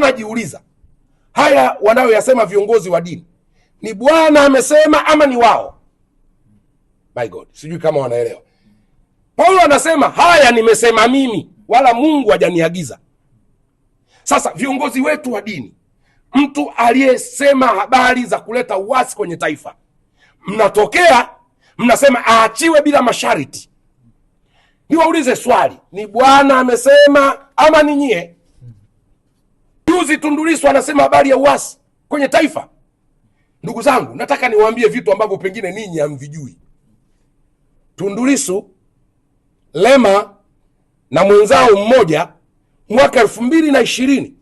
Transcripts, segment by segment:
Najiuliza, haya wanayoyasema viongozi wa dini ni Bwana amesema ama ni wao? My God, sijui kama wanaelewa. Paulo anasema haya nimesema mimi, wala Mungu hajaniagiza. Sasa viongozi wetu wa dini, mtu aliyesema habari za kuleta uasi kwenye taifa, mnatokea mnasema aachiwe bila masharti. Niwaulize swali, ni Bwana amesema ama ni nyie? Juzi Tundu Lissu anasema habari ya uasi kwenye taifa. Ndugu zangu, nataka niwaambie vitu ambavyo pengine ninyi hamvijui. Tundu Lissu, Lema na mwenzao mmoja mwaka elfu mbili na ishirini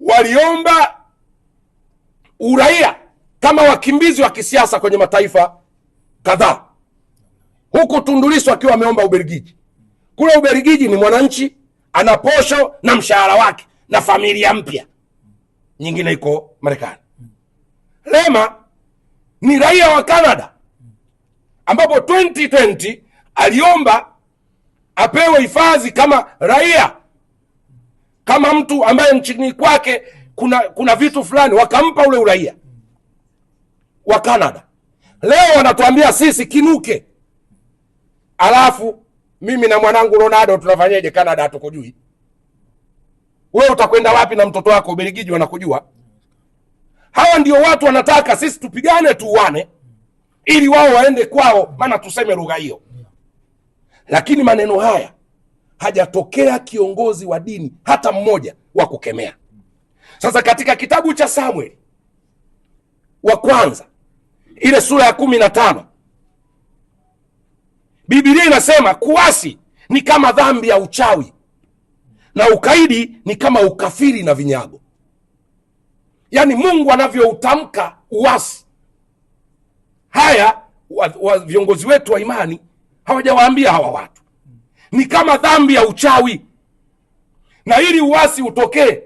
waliomba uraia kama wakimbizi wa kisiasa kwenye mataifa kadhaa, huku Tundu Lissu akiwa ameomba Ubelgiji. Kule Ubelgiji ni mwananchi ana posho na mshahara wake na familia mpya nyingine iko Marekani. Lema ni raia wa Canada ambapo 2020 aliomba apewe hifadhi kama raia, kama mtu ambaye nchini kwake kuna kuna vitu fulani, wakampa ule uraia wa Canada. Leo wanatuambia sisi kinuke, alafu mimi na mwanangu Ronaldo tunafanyaje? Canada hatukujui, wewe utakwenda wapi na mtoto wako Ubelgiji wanakujua? Hawa ndio watu wanataka sisi tupigane, tuuane, ili wao waende kwao, maana tuseme lugha hiyo. Lakini maneno haya hajatokea kiongozi wa dini hata mmoja wa kukemea. Sasa katika kitabu cha Samueli wa kwanza ile sura ya kumi na tano Biblia inasema kuasi ni kama dhambi ya uchawi na ukaidi ni kama ukafiri na vinyago. Yaani Mungu anavyoutamka uasi, haya wa, wa, viongozi wetu wa imani hawajawaambia hawa watu, ni kama dhambi ya uchawi, na ili uasi utokee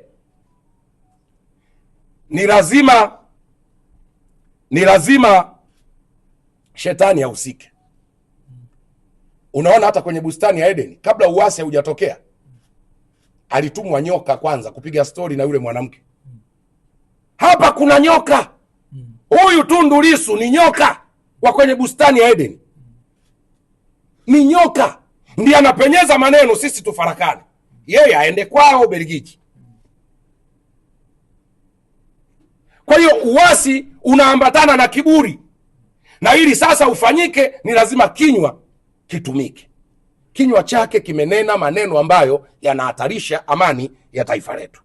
ni lazima ni lazima shetani ahusike. Unaona hata kwenye bustani ya Edeni kabla uasi haujatokea alitumwa nyoka kwanza kupiga stori na yule mwanamke. Hapa kuna nyoka huyu. Tundu Lissu ni nyoka wa kwenye bustani ya Edeni, ni nyoka ndiye anapenyeza maneno, sisi tufarakane, yeye aende kwao Ubelgiji. Kwa hiyo uasi unaambatana na kiburi, na ili sasa ufanyike ni lazima kinywa kitumike. Kinywa chake kimenena maneno ambayo yanahatarisha amani ya taifa letu.